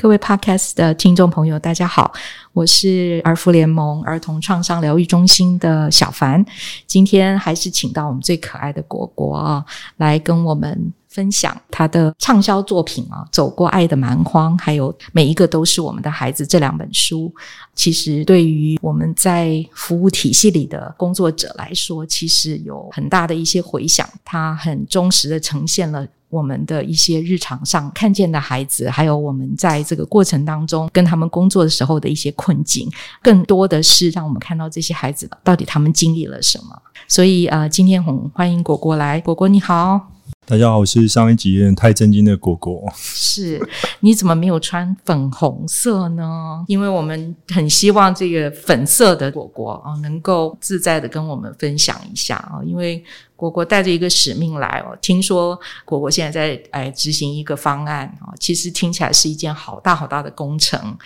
各位 Podcast 的聽眾朋友，大家好，我是兒福聯盟兒童創傷療癒中心的小帆。今天還是請到我們最可愛的國國啊，來跟我們分享他的暢銷作品啊，《走過愛的蠻荒》，還有《每一個都是我們的孩子》這兩本書。其實，對於我們在服務體系裡的工作者來說，其實有很大的一些回響。他很忠實的呈現了。我們的一些日常上看見的孩子，還有我們在這個過程當中跟他們工作的時候的一些困境，更多的是讓我們看到這些孩子到底他們經歷了什麼。所以，呃，今天很歡迎國國來，國國你好。大家好，我是上一集太震驚的果果。是，你怎麼沒有穿粉紅色呢？因為我們很希望這個粉色的果果啊，能夠自在的跟我們分享一下啊。因為果果帶着一個使命來哦，聽說果果現在在哎執行一個方案啊，其實聽起來是一件好大好大的工程。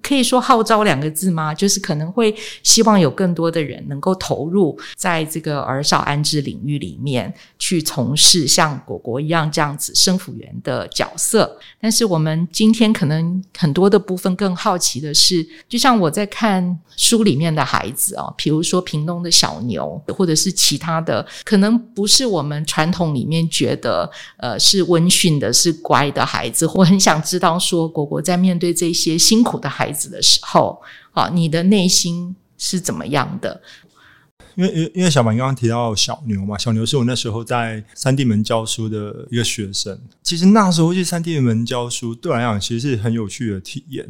可以說號召兩個字嗎？就是可能會希望有更多的人能夠投入在這個兒少安置領域裡面去從事像。果果一樣這樣子生輔員的角色，但是我們今天可能很多的部分更好奇的是，就像我在看書裡面的孩子哦，比如說屏東的小牛，或者是其他的，可能不是我們傳統裡面覺得呃是溫馴的是乖的孩子，我很想知道說果果在面對這些辛苦的孩子的時候，啊，你的內心是怎麼樣的？因為因為因為小帆剛剛提到小牛嘛，小牛是我那時候在三地門教書的一個學生。其實那時候去三地門教書，對我來講其實是很有趣的體驗。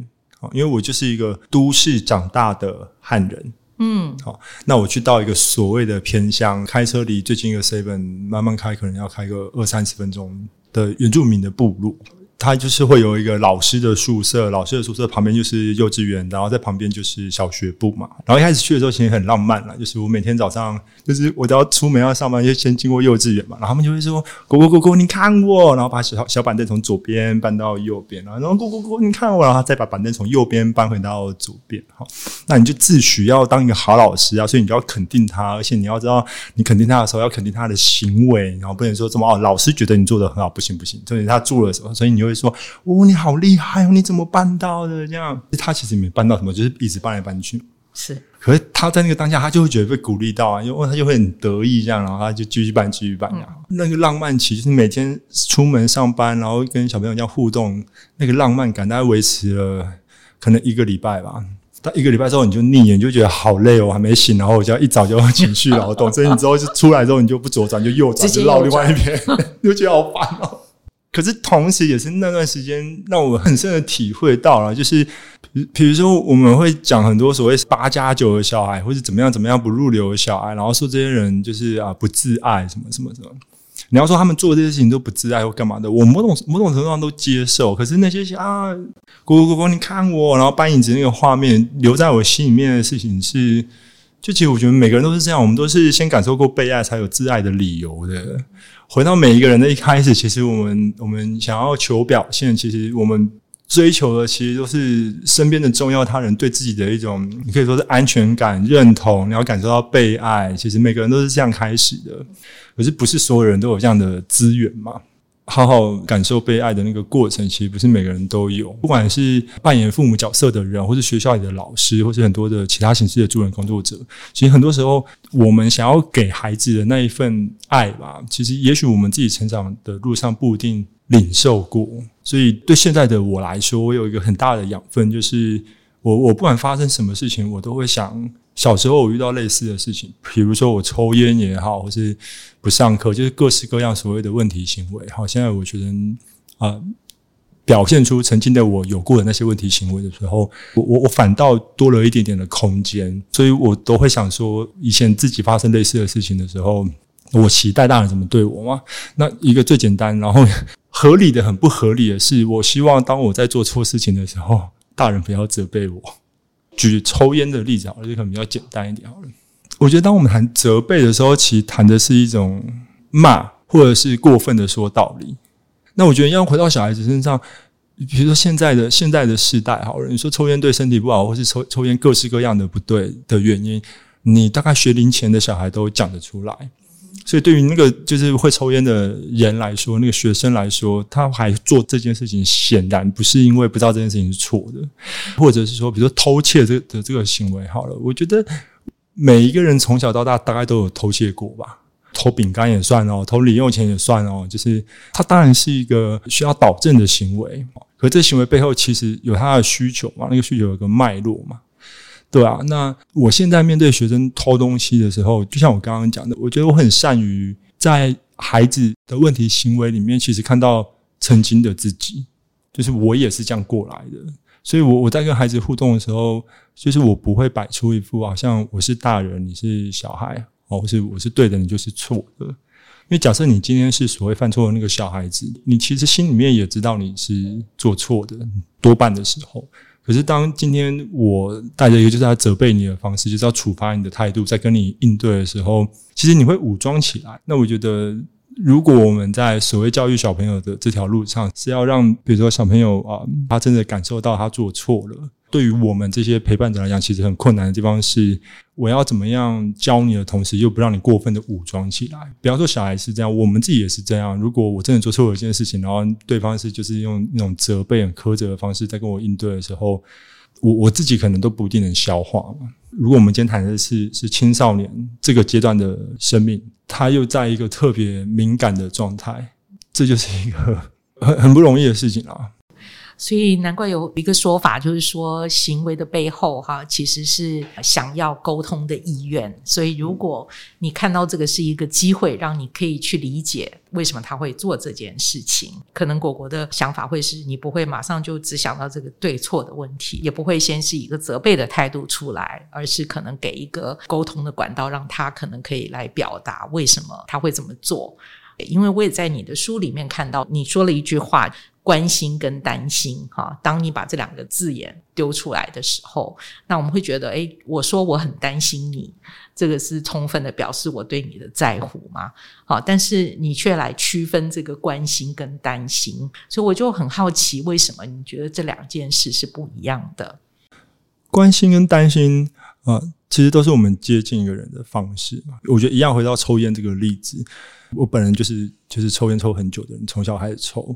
因為我就是一個都市長大的漢人，嗯，好，那我去到一個所謂的偏鄉，開車離最近一個 Seven 慢慢開，可能要開個二三十分鐘的原住民的部落。他就是會有一個老師的宿舍，老師的宿舍旁邊就是幼稚園，然後在旁邊就是小學部嘛。然後一開始去的時候其實很浪漫了，就是我每天早上就是我只要出門要上班，就先經過幼稚園嘛。然後他們就會說：“國國國國，你看我！”然後把小小板凳從左邊搬到右邊，然後“國國國國，你看我！”然後再把板凳從右邊搬回到左邊。好。那你就自詡要當一個好老師啊，所以你就要肯定他，而且你要知道，你肯定他的時候要肯定他的行為，然後不能說這麼哦，老師覺得你做得很好，不行不行，所以他做了什麼，所以你會。說，哦，你好厲害哦！你怎麼辦到的？這樣他其實沒辦到什麼，就是一直搬來搬去。是，可是他在那個當下，他就會覺得被鼓勵到啊，因為，他就會很得意這樣，然後他就繼續搬，繼續搬這樣，嗯。那個浪漫期就是每天出門上班，然後跟小朋友這樣互動，那個浪漫感大概維持了可能一個禮拜吧。到一個禮拜之後，你就膩眼，你就覺得好累哦，還沒醒，然後我就一早就要情緒勞動。 所以你之後就出來之後，你就不左轉，就右轉，就繞另外一邊，就覺得好煩哦。可是同時，也是那段時間讓我很深的體會到了，就是，比如說，我們會講很多所謂八加九的小孩，或者怎麼樣怎麼樣不入流的小孩，然後說這些人就是啊不自愛什麼什麼什麼。你要說他們做這些事情都不自愛或幹嘛的，我某種某種程度上都接受。可是那些啊，姑姑姑姑，你看我，然後搬椅子那個畫面，留在我心裡面的事情是。就其實我覺得每個人都是這樣，我們都是先感受過被愛，才有自愛的理由的。回到每一個人的一開始，其實我們我們想要求表現，其實我們追求的其實都是身邊的重要他人對自己的一種，你可以說是安全感、認同。你要感受到被愛，其實每個人都是這樣開始的，可是不是所有人都有這樣的資源嘛？好好感受被愛的那個過程，其實不是每個人都有。不管是扮演父母角色的人，或是學校裡的老師，或是很多的其他形式的助人工作者，其實很多時候，我們想要給孩子的那一份愛吧，其實也許我們自己成長的路上不一定領受過。所以，對現在的我來說，我有一個很大的養分，就是我我不管發生什麼事情，我都會想。小時候我遇到類似的事情，比如說我抽煙也好，或是不上課，就是各式各樣所謂的問題行為。好，現在我覺得啊、呃，表現出曾經的我有過的那些問題行為的時候，我我我反倒多了一點點的空間，所以我都會想說，以前自己發生類似的事情的時候，我期待大人怎麼對我嗎？那一個最簡單，然後合理的很不合理的是，我希望當我在做錯事情的時候，大人不要責備我。舉抽菸的例子好了，就可能比較簡單一點好了。我覺得當我們談責備的時候，其實談的是一種罵，或者是過分的說道理。那我覺得要回到小孩子身上，比如說現在的現在的世代好了，你說抽菸對身體不好，或是抽抽菸各式各樣的不對的原因，你大概學齡前的小孩都講得出來。所以，對於那個就是會抽煙的人來說，那個學生來說，他還做這件事情，顯然不是因為不知道這件事情是錯的，或者是說，比如說偷竊這的這個行為，好了，我覺得每一個人從小到大大概都有偷竊過吧，偷餅乾也算哦，偷零用錢也算哦，就是他當然是一個需要導正的行為，可這行為背後其實有他的需求嘛，那個需求有個脈絡嘛。對啊，那我現在面對學生偷東西的時候，就像我剛剛講的，我覺得我很善於在孩子的問題行為裡面，其實看到曾經的自己，就是我也是這樣過來的。所以，我我在跟孩子互動的時候，就是我不會擺出一副好像我是大人，你是小孩，哦，是我是對的，你就是錯的。因為假設你今天是所謂犯錯的那個小孩子，你其實心裡面也知道你是做錯的，嗯、多半的時候。可是，當今天我帶着一個就是他責備你的方式，就是要處罰你的態度，在跟你應對的時候，其實你會武裝起來。那我覺得，如果我們在所謂教育小朋友的這條路上，是要讓比如說小朋友啊、嗯，他真的感受到他做錯了。對於我們這些陪伴者來講，其實很困難的地方是，我要怎麼樣教你的同時，又不讓你過分的武裝起來。比方說，小孩是這樣，我們自己也是這樣。如果我真的做錯了一件事情，然後對方是就是用那種責備、很苛責的方式在跟我應對的時候，我我自己可能都不一定能消化。如果我們今天談的是是青少年這個階段的生命，他又在一個特別敏感的狀態，這就是一個很很不容易的事情了。所以難怪有一個說法，就是說行為的背後，哈，其實是想要溝通的意願。所以如果你看到這個是一個機會，讓你可以去理解為什麼他會做這件事情，可能國國的想法會是你不會馬上就只想到這個對錯的問題，也不會先是一個責備的態度出來，而是可能給一個溝通的管道，讓他可能可以來表達為什麼他會這麼做。因為我也在你的書裡面看到你說了一句話。關心跟擔心，哈，當你把這兩個字眼丟出來的時候，那我們會覺得，哎，我說我很擔心你，這個是充分的表示我對你的在乎嗎？好，但是你卻來區分這個關心跟擔心，所以我就很好奇，為什麼你覺得這兩件事是不一樣的？關心跟擔心，啊、呃，其實都是我們接近一個人的方式嘛。我覺得一樣，回到抽菸這個例子，我本人就是就是抽菸抽很久的人，從小開始抽。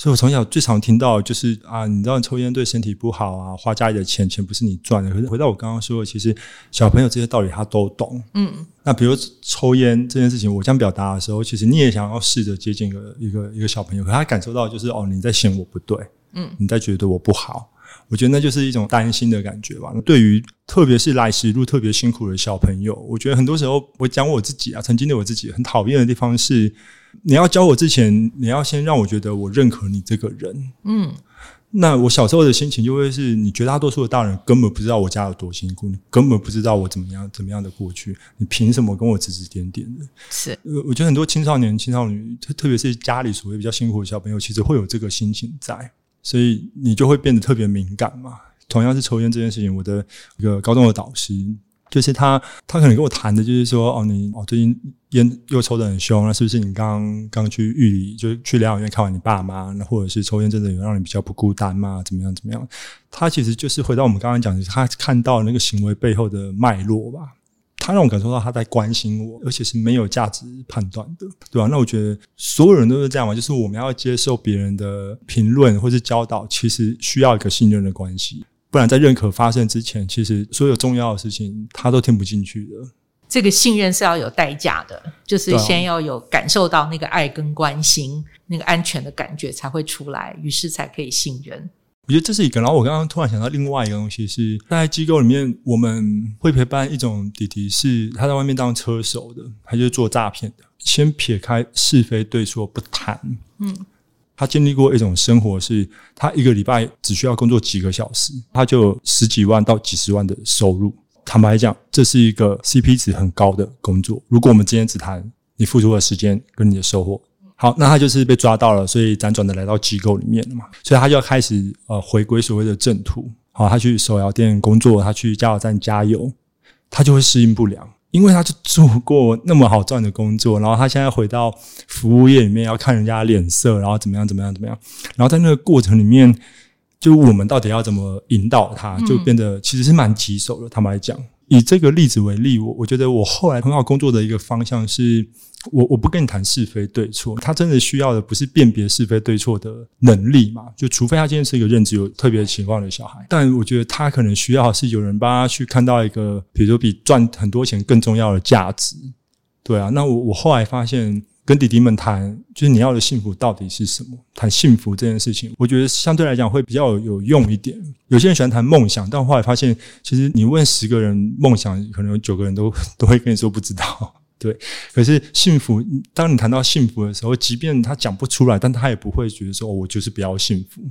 所以，我從小最常聽到就是啊，你知道你抽菸對身體不好啊，花家裡的錢錢不是你賺的。可是回到我剛剛說的，其實小朋友這些道理他都懂。嗯，那比如抽菸這件事情，我這樣表達的時候，其實你也想要試着接近一個一個一個小朋友，可他感受到就是哦，你在嫌我不對，嗯，你在覺得我不好。我覺得那就是一種擔心的感覺吧。對於特別是來時路特別辛苦的小朋友，我覺得很多時候我講我自己啊，曾經的我自己很討厭的地方是。你要教我之前，你要先讓我覺得我認可你這個人。嗯，那我小時候的心情就會是你絕大多數的大人根本不知道我家有多辛苦，你根本不知道我怎麼樣怎麼樣的過去，你憑什麼跟我指指點點的？是，呃、我覺得很多青少年、青少女，特別是家裡所謂比較辛苦的小朋友，其實會有這個心情在，所以你就會變得特別敏感嘛。同樣是抽菸這件事情，我的一個高中的導師。就是他，他可能跟我談的，就是說，哦，你哦，最近煙又抽得很凶，那是不是你剛剛剛去玉里，就去療養院看完你爸媽，或者是抽煙真的有讓你比較不孤單嘛？怎麼樣？怎麼樣？他其實就是回到我們剛剛講的，就是、他看到那個行為背後的脈絡吧，他讓我感受到他在關心我，而且是沒有價值判斷的，對吧、啊？那我覺得所有人都是這樣嘛，就是我們要接受別人的評論或是教導，其實需要一個信任的關係。不然，在認可發生之前，其實所有重要的事情他都聽不進去的。這個信任是要有代價的，就是先要有感受到那個愛跟關心、啊、那個安全的感覺才會出來，於是才可以信任。我覺得這是一個。然後我剛剛突然想到另外一個東西是，在機構裡面我們會陪伴一種弟弟，是他在外面當車手的，他就是做詐騙的。先撇開是非對錯不談，嗯。他經歷過一種生活，是他一個禮拜只需要工作幾個小時，他就十幾萬到幾十萬的收入。坦白講，這是一個 CP 值很高的工作。如果我們今天只談你付出的時間跟你的收穫，好，那他就是被抓到了，所以輾轉的來到機構裡面了嘛，所以他就要開始呃回歸所謂的正途。好，他去手搖店工作，他去加油站加油，他就會適應不良。因為他就做過那麼好賺的工作，然後他現在回到服務業裡面要看人家臉色，然後怎麼樣怎麼樣怎麼樣，然後在那個過程裡面，就我們到底要怎麼引導他，就變得其實是蠻棘手的，他們來講。以這個例子為例，我我覺得我後來很好工作的一個方向是，我我不跟你談是非對錯，他真的需要的不是辨別是非對錯的能力嘛？就除非他今天是一個認知有特別情況的小孩，但我覺得他可能需要是有人幫他去看到一個，比如說比賺很多錢更重要的價值，對啊。那我我後來發現。跟弟弟們談，就是你要的幸福到底是什麼？談幸福這件事情，我覺得相對來講會比較有用一點。有些人喜歡談夢想，但後來發現，其實你問十個人夢想，可能有九個人都都會跟你說不知道。對，可是幸福，當你談到幸福的時候，即便他講不出來，但他也不會覺得說“哦，我就是比較幸福”。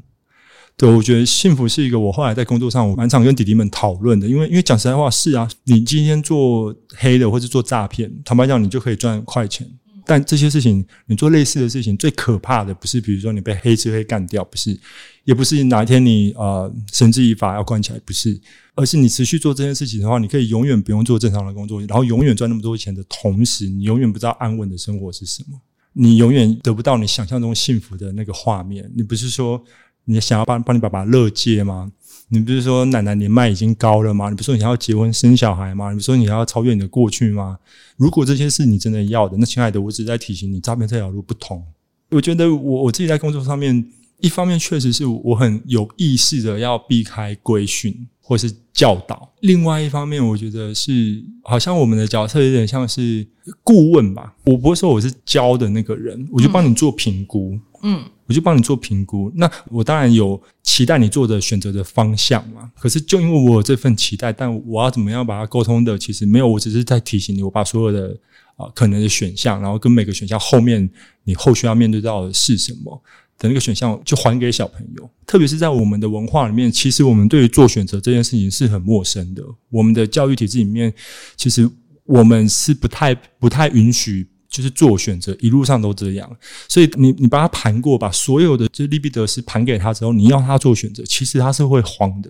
對，我覺得幸福是一個，我後來在工作上我蠻常跟弟弟們討論的，因為因為講實在話，是啊，你今天做黑的或是做詐騙，坦白講，你就可以賺快錢。但這些事情，你做類似的事情，最可怕的不是，比如說你被黑吃黑幹掉，不是，也不是哪一天你呃繩之以法要關起來，不是，而是你持續做這些事情的話，你可以永遠不用做正常的工作，然後永遠賺那麼多錢的同時，你永遠不知道安穩的生活是什麼，你永遠得不到你想象中幸福的那個畫面。你不是說你想要幫幫你爸爸勒戒嗎？你不是說奶奶年邁已經高了嗎？你不是說你想要結婚生小孩嗎？你不是說你要超越你的過去嗎？如果這些是你真的要的，那親愛的，我只在提醒你，詐騙這條路不通。我覺得我我自己在工作上面，一方面確實是我很有意識的要避開規訓或是教導，另外一方面，我覺得是好像我們的角色有點像是顧問吧。我不會說我是教的那個人，我就幫你做評估。嗯。嗯。我就幫你做評估，那我當然有期待你做的選擇的方向嘛。可是就因為我有這份期待，但我要怎麼樣把它溝通的？其實沒有，我只是在提醒你，我把所有的啊、呃、可能的選項，然後跟每個選項後面你後續要面對到的是什麼的那個選項，就還給小朋友。特別是在我們的文化裡面，其實我們對於做選擇這件事情是很陌生的。我們的教育體制裡面，其實我們是不太不太允許。就是做選擇，一路上都這樣，所以你你把他盤過，把所有的就是利弊得失盤給他之後，你要他做選擇，其實他是會慌的。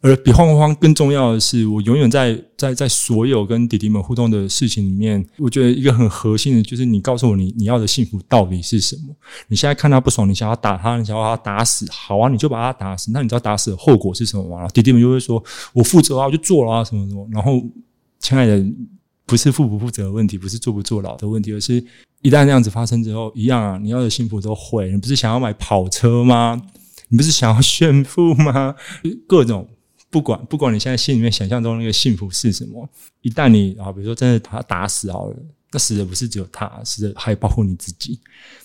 而比慌不慌更重要的是，我永遠在在在所有跟弟弟們互動的事情裡面，我覺得一個很核心的就是，你告訴我你你要的幸福到底是什麼？你現在看他不爽，你想要打他，你想要把他打死，好啊，你就把他打死。那你知道打死的後果是什麼嗎、啊？弟弟們就會說，我負責啊，我就做了啊，什麼什麼。然後，親愛的。不是負不負責的問題，不是坐不坐牢的問題，而是一旦那樣子發生之後，一樣啊，你要的幸福都會。你不是想要買跑車嗎？你不是想要炫富嗎？各種不管，不管你現在心裡面想象中的那個幸福是什麼，一旦你啊，比如說真的他打，打死好了，那死的不是只有他，死的還包括你自己。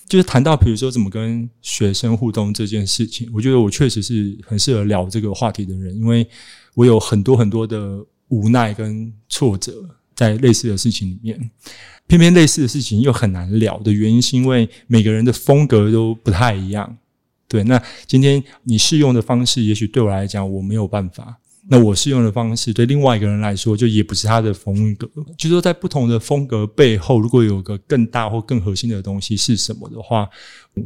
就是談到比如說怎麼跟學生互動這件事情，我覺得我確實是很適合聊這個話題的人，因為我有很多很多的無奈跟挫折。在類似的事情裡面，偏偏類似的事情又很難聊的原因，是因為每個人的風格都不太一樣。對，那今天你適用的方式，也許對我來講我沒有辦法；那我適用的方式，對另外一個人來說，就也不是他的風格。就說在不同的風格背後，如果有個更大或更核心的東西是什麼的話，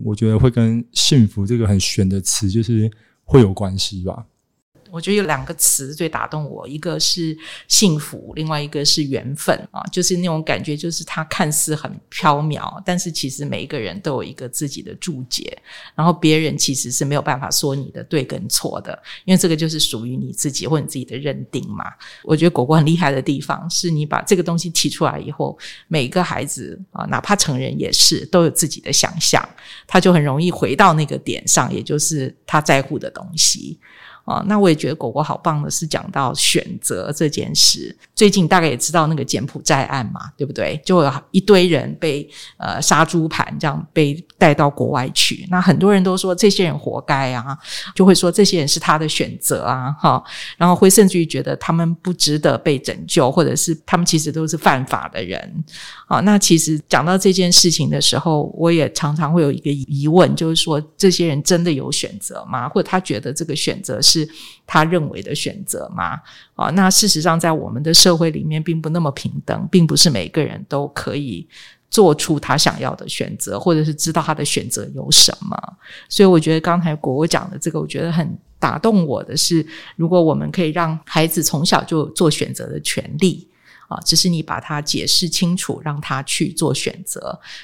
我覺得會跟“幸福”這個很玄的詞，就是會有關係吧。我覺得有兩個詞最打動我，一個是幸福，另外一個是緣分啊，就是那種感覺，就是它看似很飄渺，但是其實每一個人都有一個自己的注解，然後別人其實是沒有辦法說你的對跟錯的，因為這個就是屬於你自己或你自己的認定嘛。我覺得國國很厲害的地方，是你把這個東西提出來以後，每一個孩子啊，哪怕成人也是都有自己的想象，他就很容易回到那個點上，也就是他在乎的東西。啊、哦，那我也覺得國國好棒的是講到選擇這件事。最近大概也知道那個柬埔寨案嘛，對不對？就有一堆人被呃殺豬盤這樣被帶到國外去。那很多人都說這些人活該啊，就會說這些人是他的選擇啊，哈、哦。然後會甚至於覺得他們不值得被拯救，或者是他們其實都是犯法的人。啊、哦，那其實講到這件事情的時候，我也常常會有一個疑問，就是說這些人真的有選擇嗎？或者他覺得這個選擇是？是他認為的選擇嗎？啊，那事實上，在我們的社會裡面，並不那麼平等，並不是每個人都可以做出他想要的選擇，或者是知道他的選擇有什麼。所以，我覺得剛才國國講的這個，我覺得很打動我的是，如果我們可以讓孩子從小就做選擇的權利。啊，只是你把它解釋清楚，讓他去做選擇。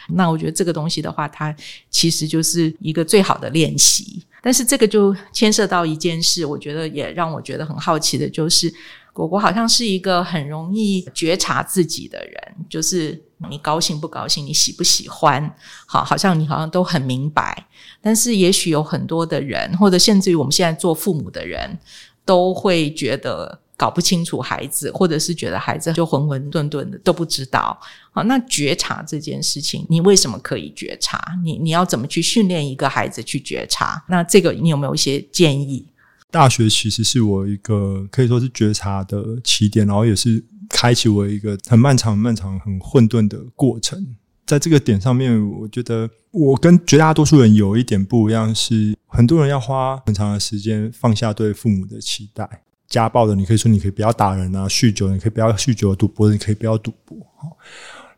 那我覺得這個東西的話，它其實就是一個最好的練習。但是這個就牽涉到一件事，我覺得也讓我覺得很好奇的，就是國國好像是一個很容易覺察自己的人，就是你高興不高興，你喜不喜歡，好，好像你好像都很明白。但是也許有很多的人，或者甚至於我們現在做父母的人都會覺得。搞不清楚孩子，或者是覺得孩子就渾渾沌沌的都不知道。好，那覺察這件事情，你為什麼可以覺察？你你要怎麼去訓練一個孩子去覺察？那這個你有沒有一些建議？大學其實是我一個可以說是覺察的起點，然後也是開啟我一個很漫長、很漫長、很混沌的過程。在這個點上面，我覺得我跟絕大多數人有一點不一樣，是很多人要花很長的時間放下對父母的期待。家暴的，你可以說你可以不要打人啊；酗酒，你可以不要酗酒；賭博的，你可以不要賭博。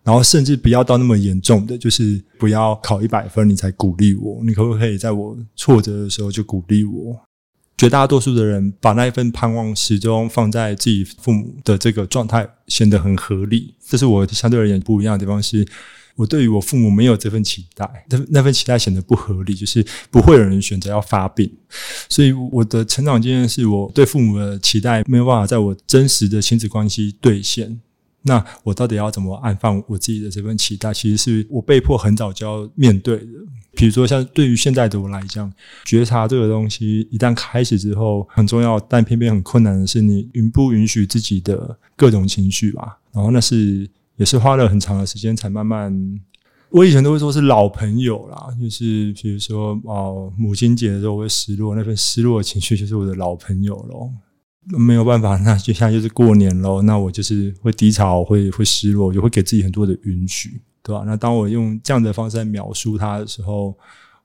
然後，甚至不要到那麼嚴重的，就是不要考一百分你才鼓勵我。你可不可以在我挫折的時候就鼓勵我？絕大多數的人把那一份盼望始終放在自己父母的這個狀態，顯得很合理。這是我相對而言不一樣的地方是。我對於我父母沒有這份期待，那那份期待顯得不合理，就是不會有人選擇要發病。所以我的成長經驗是我對父母的期待沒有辦法在我真實的親子關係兌現。那我到底要怎麼安放我自己的這份期待？其實是我被迫很早就要面對的。比如說，像對於現在的我來講，覺察這個東西一旦開始之後很重要，但偏偏很困難的是你允不允許自己的各種情緒吧？然後那是。也是花了很長的時間才慢慢，我以前都會說是老朋友啦,就是比如說哦，母親節的時候我會失落，那份失落的情緒就是我的老朋友嘍，沒有辦法，那接下來就是過年嘍，那我就是會低潮，會會失落，我就會給自己很多的允許，對吧，啊？那當我用這樣的方式來描述他的時候，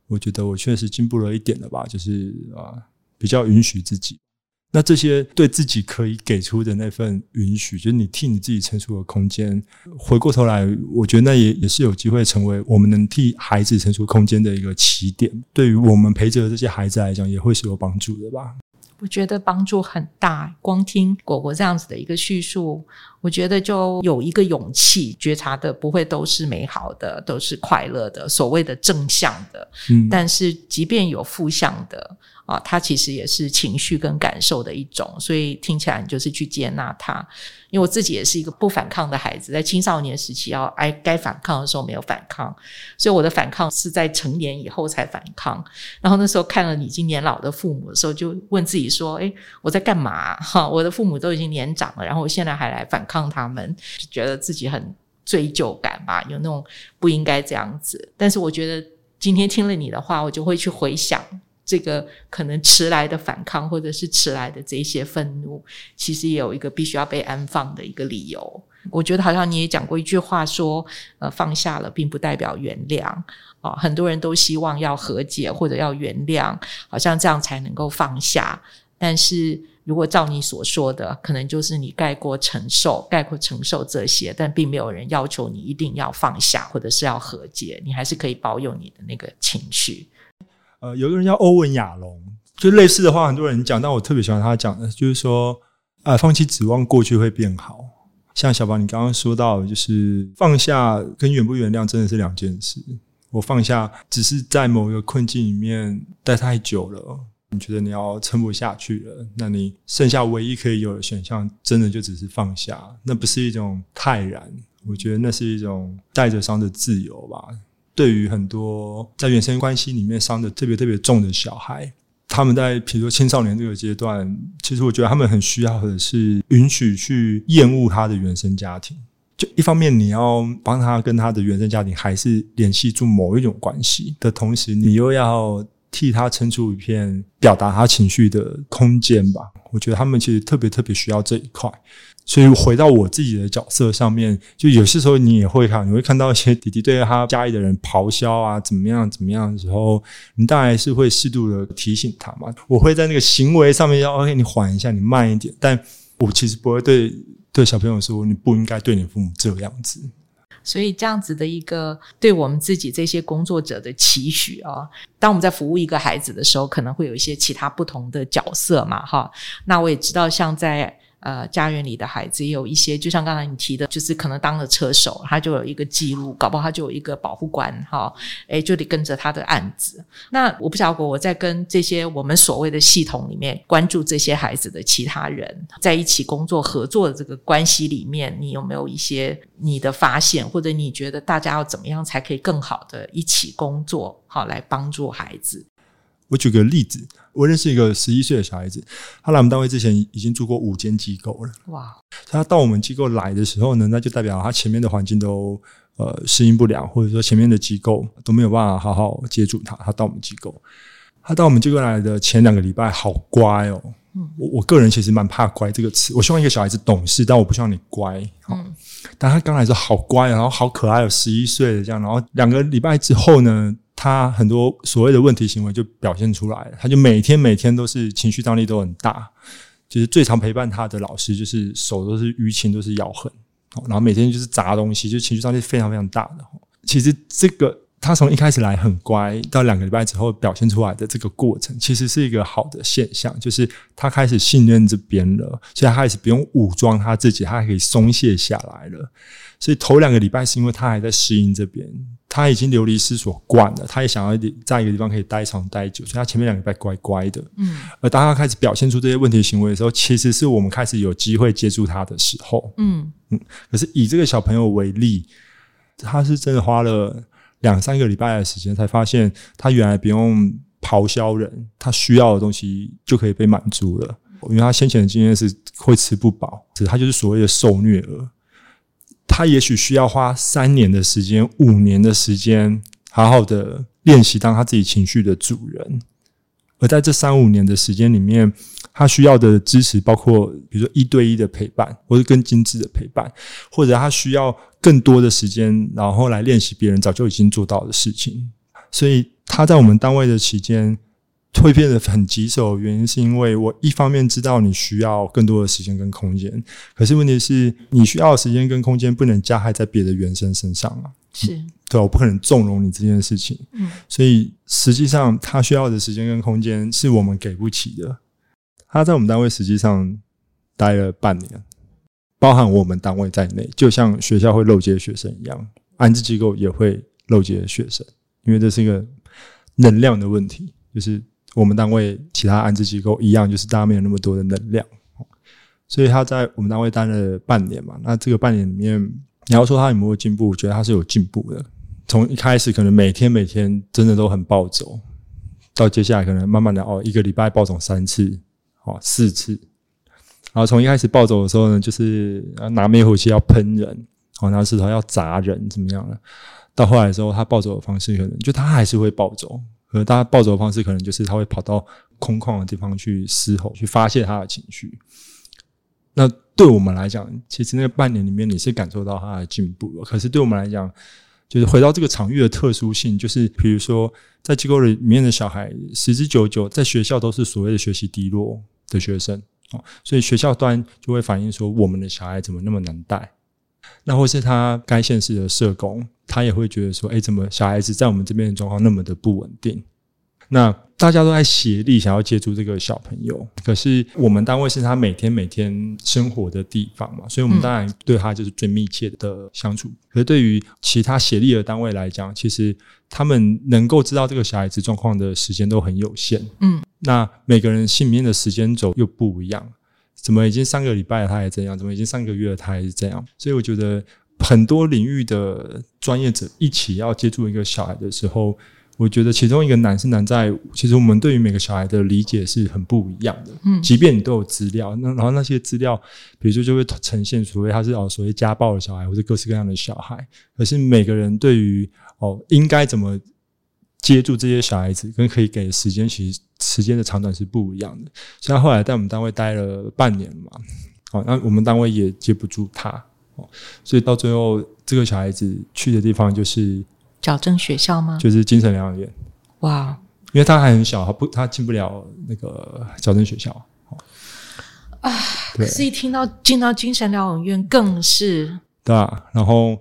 我覺得我確實進步了一點了吧，就是啊，比較允許自己。那這些對自己可以給出的那份允許，就是你替你自己成熟的空間。回過頭來，我覺得那也也是有機會成為我們能替孩子成熟空間的一個起點。對於我們陪着這些孩子來講，也會是有幫助的吧？我覺得幫助很大。光聽國國這樣子的一個敘述，我覺得就有一個勇氣覺察的，不會都是美好的，都是快樂的，所謂的正向的。嗯，但是即便有負向的。啊，他其實也是情緒跟感受的一種，所以聽起來就是去接納他，因為我自己也是一個不反抗的孩子，在青少年時期要，要該反抗的時候沒有反抗，所以我的反抗是在成年以後才反抗。然後那時候看了你已經年老的父母的時候，就問自己說：“誒，我在幹嘛、啊？哈、啊，我的父母都已經年長了，然後我現在還來反抗他們，就覺得自己很罪疚感吧，有那種不應該這樣子。但是我覺得今天聽了你的話，我就會去回想。”這個可能遲來的反抗，或者是遲來的這些憤怒，其實也有一個必須要被安放的一個理由。我覺得好像你也講過一句話說，說呃，放下了並不代表原諒啊、哦。很多人都希望要和解或者要原諒，好像這樣才能夠放下。但是如果照你所說的，可能就是你概括承受，概括承受這些，但並沒有人要求你一定要放下，或者是要和解，你還是可以保有你的那個情緒。呃，有個人叫歐文亞隆，就類似的話，很多人講，但我特別喜歡他講的，就是說，啊、呃，放棄指望過去會變好。像小寶，你剛剛說到，就是放下跟原不原諒真的是兩件事。我放下，只是在某一個困境裡面待太久了，你覺得你要撐不下去了，那你剩下唯一可以有的選項，真的就只是放下。那不是一種泰然，我覺得那是一種帶着傷的自由吧。對於很多在原生關係裡面傷得特別特別重的小孩，他們在譬如說青少年這個階段，其實我覺得他們很需要的是允許去厭惡他的原生家庭。就一方面，你要幫他跟他的原生家庭還是聯繫住某一種關係的同時，你又要。替他撐出一片表達他情緒的空間吧。我覺得他們其實特別特別需要這一塊。所以回到我自己的角色上面，就有些時候你也會看，你會看到一些弟弟對他家裡的人咆哮啊，怎麼樣怎麼樣的時候，你當然是會適度的提醒他嘛。我會在那個行為上面要 OK，你緩一下，你慢一點。但我其實不會對對小朋友說你不應該對你父母這個樣子。所以這樣子的一個對我們自己這些工作者的期許啊、哦，當我們在服務一個孩子的時候，可能會有一些其他不同的角色嘛，哈。那我也知道，像在。呃，家園裡的孩子也有一些，就像剛才你提的，就是可能當了車手，他就有一個記錄，搞不好他就有一個保護官哈，哎、哦欸，就得跟着他的案子。那我不曉得，我在跟這些我們所謂的系統裡面關注這些孩子的其他人在一起工作合作的這個關係裡面，你有沒有一些你的發現，或者你覺得大家要怎麼樣才可以更好的一起工作，好、哦、來幫助孩子？我舉個例子，我認識一個十一歲的小孩子，他來我們單位之前已經住過五間機構了。哇、wow.！他到我們機構來的時候呢，那就代表他前面的環境都呃適應不了，或者說前面的機構都沒有辦法好好接住他。他到我們機構，他到我們機構來的前兩個禮拜好乖哦。嗯、我我個人其實蠻怕“乖”這個詞，我希望一個小孩子懂事，但我不希望你乖。哦、嗯。但他剛來說好乖，然後好可愛、哦，有十一歲的這樣，然後兩個禮拜之後呢？他很多所謂的問題行為就表現出來了，他就每天每天都是情緒張力都很大。就是最常陪伴他的老師就是手都是瘀青都是咬痕，然後每天就是砸東西，就情緒張力非常非常大的。其實這個他從一開始來很乖，到兩個禮拜之後表現出來的這個過程，其實是一個好的現象，就是他開始信任這邊了，所以他開始不用武裝他自己，他還可以鬆懈下來了。所以頭兩個禮拜是因為他還在適應這邊，他已經流離失所慣了，他也想要在一個地方可以待長待久，所以他前面兩個禮拜乖乖的。嗯，而當他開始表現出這些問題行為的時候，其實是我們開始有機會接觸他的時候。嗯嗯。可是以這個小朋友為例，他是真的花了兩三個禮拜的時間，才發現他原來不用咆哮人，他需要的東西就可以被滿足了。因為他先前的經驗是會吃不飽，只是他就是所謂的受虐兒。他也許需要花三年的時間、五年的時間，好好的練習當他自己情緒的主人。而在這三五年的時間裡面，他需要的支持包括，比如說一對一的陪伴，或者更精致的陪伴，或者他需要更多的時間，然後來練習別人早就已經做到的事情。所以他在我們單位的期間。會變得很棘手，原因是因為我一方面知道你需要更多的時間跟空間，可是問題是你需要的時間跟空間不能加害在別的原生身上啊。是、嗯，對，我不可能縱容你這件事情。嗯，所以實際上他需要的時間跟空間是我們給不起的。他在我們單位實際上待了半年，包含我們單位在內，就像學校會漏接學生一樣，安置機構也會漏接學生，因為這是一個能量的問題，就是。我們單位其他安置機構一樣，就是大家沒有那麼多的能量，所以他在我們單位待了半年嘛。那這個半年裡面，你要說他有沒有進步，我覺得他是有進步的。從一開始可能每天每天真的都很暴走，到接下來可能慢慢的哦，一個禮拜暴走三次哦，四次。然後從一開始暴走的時候呢，就是拿滅火器要噴人，哦拿石頭要砸人怎麼樣了？到後來的時候，他暴走的方式可能就他還是會暴走。可能大家暴走的方式，可能就是他會跑到空曠的地方去嘶吼，去發洩他的情緒。那對我們來講，其實那個半年裡面你是感受到他的進步了。可是對我們來講，就是回到這個場域的特殊性，就是比如說在機構裡面的小孩，十之九九在學校都是所謂的學習低落的學生哦，所以學校端就會反映說，我們的小孩怎麼那麼難帶？那或是他該縣市的社工，他也會覺得說：“哎、欸，怎麼小孩子在我們這邊的狀況那麼的不穩定？”那大家都在協力想要接觸這個小朋友，可是我們單位是他每天每天生活的地方嘛，所以我們當然對他就是最密切的相處。嗯、可是對於其他協力的單位來講，其實他們能夠知道這個小孩子狀況的時間都很有限。嗯，那每個人生命的時間軸又不一樣。怎麼已經三個禮拜他還這樣？怎麼已經三個月他還是這樣？所以我覺得很多領域的專業者一起要接觸一個小孩的時候，我覺得其中一個難是難在，其實我們對於每個小孩的理解是很不一樣的。嗯，即便你都有資料，那然後那些資料，比如說就會呈現所謂他是哦，所謂家暴的小孩或者各式各樣的小孩，可是每個人對於哦應該怎麼？接住這些小孩子，跟可以給時間，其實時間的長短是不一樣的。像他後來在我們單位待了半年嘛，好、啊，那我們單位也接不住他，啊、所以到最後這個小孩子去的地方就是矯正學校嗎？就是精神療養院。哇！因為他還很小，不，他進不了那個矯正學校。啊，啊對，可是一聽到進到精神療養院更是對啊，然後。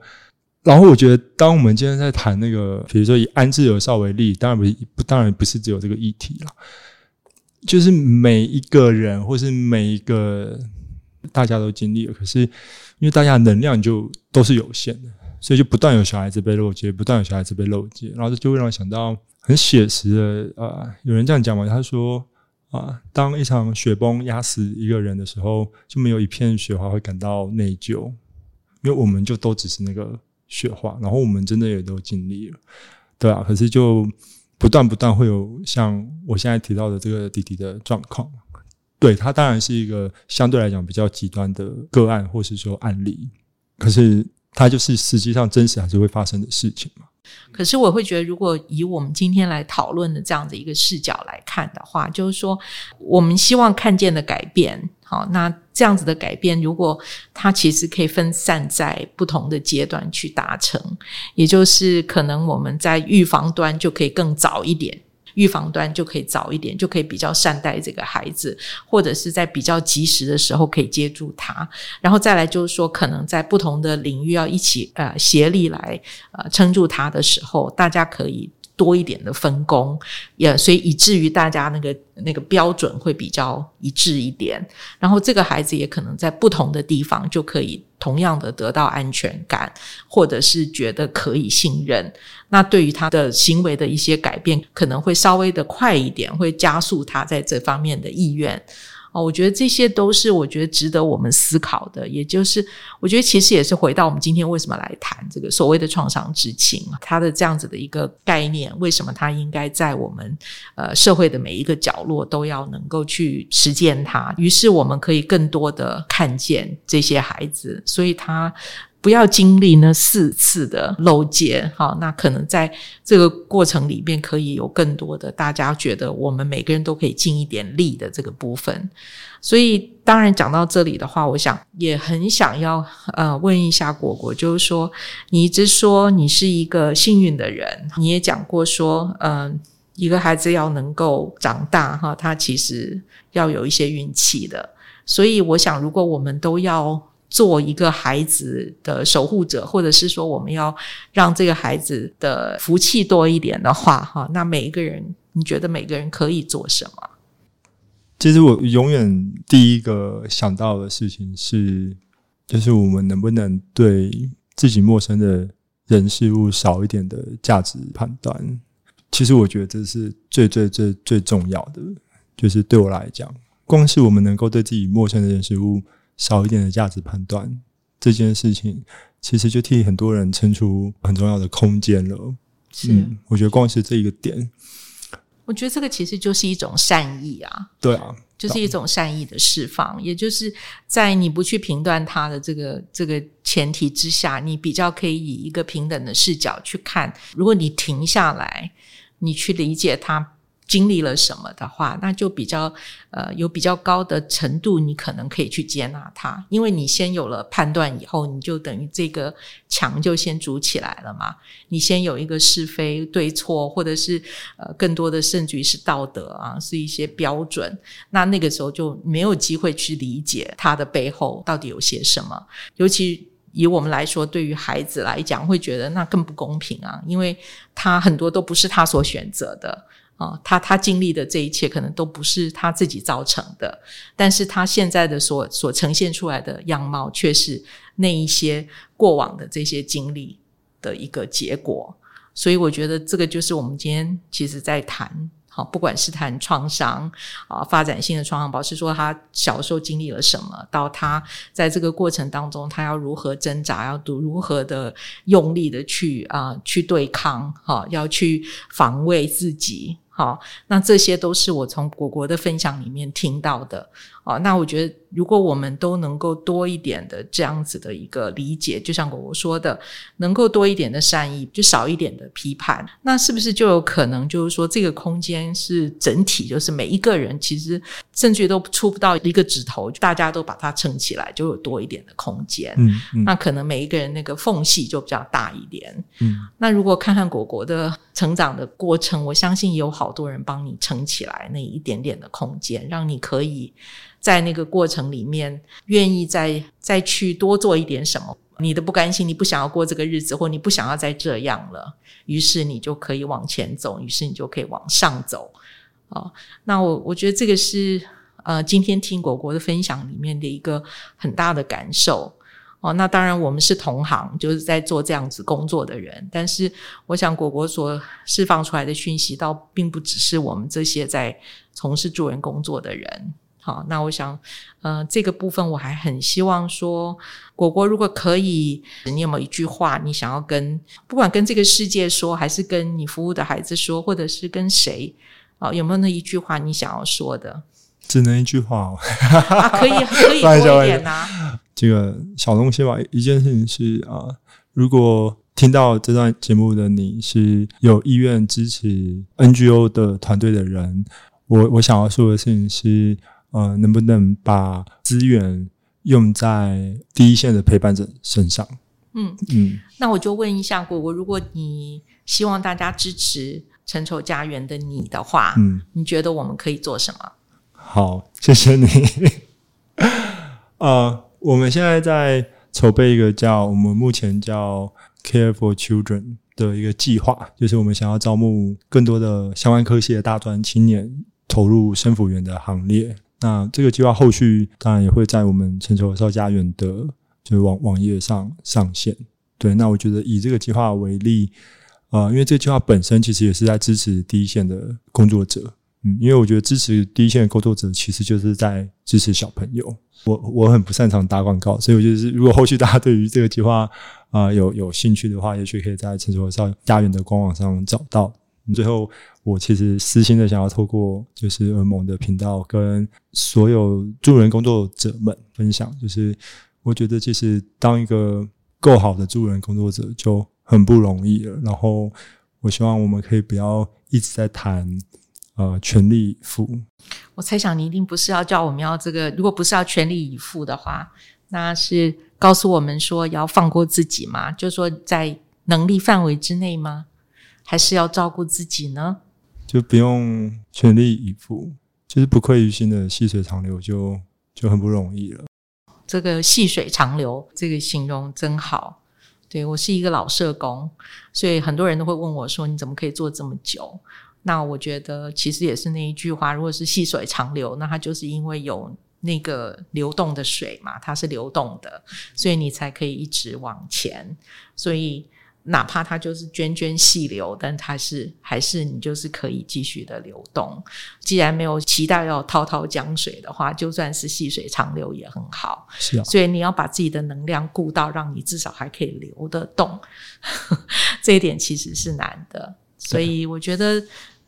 然後我覺得，當我們今天在談那個，比如說以安置兒少為例，當然不是，不，當然不是只有這個議題啦。就是每一個人或是每一個大家都經歷了，可是因為大家能量就都是有限的，所以就不斷有小孩子被漏接，不斷有小孩子被漏接，然後就就會讓我想到很寫實的。呃，有人這樣講嘛？他說啊，呃，當一場雪崩壓死一個人的時候，就沒有一片雪花會感到內疚，因為我們就都只是那個。血化，然後我們真的也都盡力了，對啊，可是就不斷不斷會有像我現在提到的這個弟弟的狀況，對。他當然是一個相對來講比較極端的個案，或是說案例，可是他就是實際上真實還是會發生的事情嘛。可是我會覺得，如果以我們今天來討論的這樣的一個視角來看的話，就是說我們希望看見的改變，好那。這樣子的改變，如果它其實可以分散在不同的階段去達成，也就是可能我們在預防端就可以更早一點，預防端就可以早一點，就可以比較善待這個孩子，或者是在比較及時的時候可以接住他。然後再來就是說，可能在不同的領域要一起，呃，協力來，呃，撐住他的時候，大家可以。多一點的分工，也所以以至於大家那個那個標準會比較一致一點。然後這個孩子也可能在不同的地方就可以同樣的得到安全感，或者是覺得可以信任。那對於他的行為的一些改變，可能會稍微的快一點，會加速他在這方面的意願。哦，我覺得這些都是我覺得值得我們思考的，也就是我覺得其實也是回到我們今天為什麼來談這個所謂的創傷知情啊，它的這樣子的一個概念，為什麼它應該在我們呃社會的每一個角落都要能夠去實踐它，於是我們可以更多的看見這些孩子，所以他。不要經歷那四次的漏接，哈，那可能在這個過程裡面可以有更多的大家覺得我們每個人都可以盡一點力的這個部分。所以當然講到這裡的話，我想也很想要呃問一下國國，就是說你一直說你是一個幸運的人，你也講過說，嗯、呃，一個孩子要能夠長大哈，他其實要有一些運氣的。所以我想，如果我們都要。做一個孩子的守護者，或者是說，我們要讓這個孩子的福氣多一點的話，哈，那每一個人，你覺得每個人可以做什麼？其實我永遠第一個想到的事情是，是就是我們能不能對自己陌生的人事物少一點的價值判斷。其實我覺得這是最最最最重要的，就是對我來講，光是我們能夠對自己陌生的人事物。少一點的價值判斷這件事情，其實就替很多人撐出很重要的空間了。是、嗯，我覺得光是這一個點，我覺得這個其實就是一種善意啊。對啊，就是一種善意的釋放，啊、也就是在你不去評斷它的這個這個前提之下，你比較可以以一個平等的視角去看。如果你停下來，你去理解它。經歷了什麼的話，那就比較呃有比較高的程度，你可能可以去接納他，因為你先有了判斷以後，你就等於這個牆就先築起來了嘛。你先有一個是非對錯，或者是呃更多的甚至於是道德啊，是一些標準。那那個時候就沒有機會去理解他的背後到底有些什麼。尤其以我們來說，對於孩子來講，會覺得那更不公平啊，因為他很多都不是他所選擇的。啊、哦，他他經歷的這一切可能都不是他自己造成的，但是他現在的所所呈現出來的樣貌，卻是那一些過往的這些經歷的一個結果。所以我覺得這個就是我們今天其實在談，好、哦，不管是談創傷啊、哦，發展性的創傷，包括是說他小時候經歷了什麼，到他在這個過程當中，他要如何掙扎，要如何的用力的去啊、呃、去對抗，哈、哦，要去防衛自己。好，那這些都是我從國國的分享裡面聽到的。哦，那我覺得，如果我們都能夠多一點的這樣子的一個理解，就像果果說的，能夠多一點的善意，就少一點的批判，那是不是就有可能？就是說，這個空間是整體，就是每一個人其實甚至於都出不到一個指頭，就大家都把它撐起來，就有多一點的空間。嗯嗯。那可能每一個人那個縫隙就比較大一點。嗯，那如果看看果果的成長的過程，我相信也有好多人幫你撐起來那一點點的空間，讓你可以。在那個過程裡面，願意再再去多做一點什麼？你的不甘心，你不想要過這個日子，或你不想要再這樣了，於是你就可以往前走，於是你就可以往上走。哦，那我我覺得這個是呃，今天聽國國的分享裡面的一個很大的感受。哦，那當然我們是同行，就是在做這樣子工作的人，但是我想國國所釋放出來的訊息，倒並不只是我們這些在從事助人工作的人。好，那我想，呃，這個部分我還很希望說，國國如果可以，你有沒有一句話你想要跟，不管跟這個世界說，還是跟你服務的孩子說，或者是跟誰啊、呃，有沒有那一句話你想要說的？只能一句話哈、哦啊、可以 可以多一點啊，這個小東西吧。一件事情是啊，如果聽到這段節目的你是有意願支持 NGO 的團隊的人，我我想要說的事情是，呃，能不能把資源用在第一線的陪伴者身上？嗯嗯，那我就問一下國國，如果你希望大家支持陳綢家園的你的話，嗯，你覺得我們可以做什麼？好，謝謝你。 呃，我們現在在籌備一個叫我們目前叫 Care for Children 的一個計劃，就是我們想要招募更多的相關科系的大專青年，投入生輔員的行列。那這個計劃後續當然也會在我們陳綢兒少家園的就是網網頁上上線。對，那我覺得以這個計劃為例，啊、呃，因為這個計劃本身其實也是在支持第一線的工作者。嗯，因為我覺得支持第一線的工作者，其實就是在支持小朋友。我我很不擅長打廣告，所以我就是如果後續大家對於這個計劃啊、呃、有有興趣的話，也許可以在陳綢兒少家園的官網上找到。最後，我其實私心的想要透過就是兒盟的頻道，跟所有助人工作者們分享，就是我覺得，就是當一個夠好的助人工作者就很不容易了。然後，我希望我們可以不要一直在談呃全力以赴。我猜想你一定不是要叫我們要這個，如果不是要全力以赴的話，那是告訴我們說要放過自己嗎？就是說在能力範圍之內嗎？還是要照顧自己呢，就不用全力以赴，就是不愧於心的細水長流就，就就很不容易了。這個細水長流，這個形容真好。對，我是一個老社工，所以很多人都會問我說：“你怎麼可以做這麼久？”那我覺得其實也是那一句話，如果是細水長流，那它就是因為有那個流動的水嘛，它是流動的，所以你才可以一直往前。所以。哪怕它就是涓涓細流，但它是還是你就是可以繼續的流動。既然沒有期待要滔滔江水的話，就算是細水長流也很好。是啊，所以你要把自己的能量顧到，讓你至少還可以流得動。 這一點其實是難的，所以我覺得。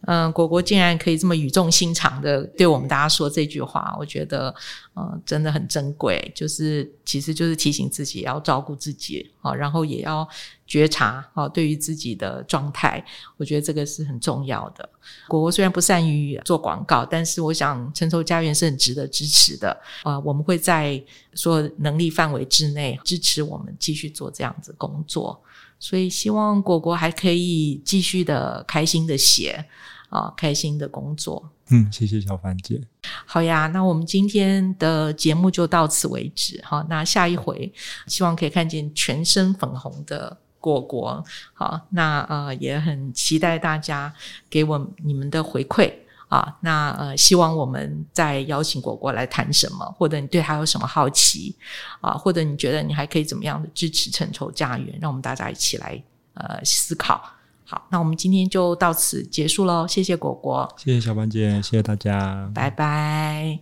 嗯，國國竟然可以這麼語重心長的對我們大家說這句話，我覺得，嗯、呃，真的很珍貴。就是，其實就是提醒自己要照顧自己啊、哦，然後也要覺察啊、哦，對於自己的狀態，我覺得這個是很重要的。國國雖然不善於做廣告，但是我想陳綢家園是很值得支持的啊、呃，我們會在說能力範圍之內支持我們繼續做這樣子工作。所以希望果果還可以繼續的開心的寫，啊，開心的工作。嗯，謝謝小帆姐。好呀，那我們今天的節目就到此為止哈。好，那下一回，希望可以看見全身粉紅的果果。好，那呃也很期待大家給我們你們的回饋。啊，那呃，希望我們再邀請國國來談什麼，或者你對他有什麼好奇，啊，或者你覺得你還可以怎麼樣的支持、承托家園，讓我們大家一起來呃思考。好，那我們今天就到此結束嘍，謝謝國國，謝謝小帆姐，謝謝大家，拜拜。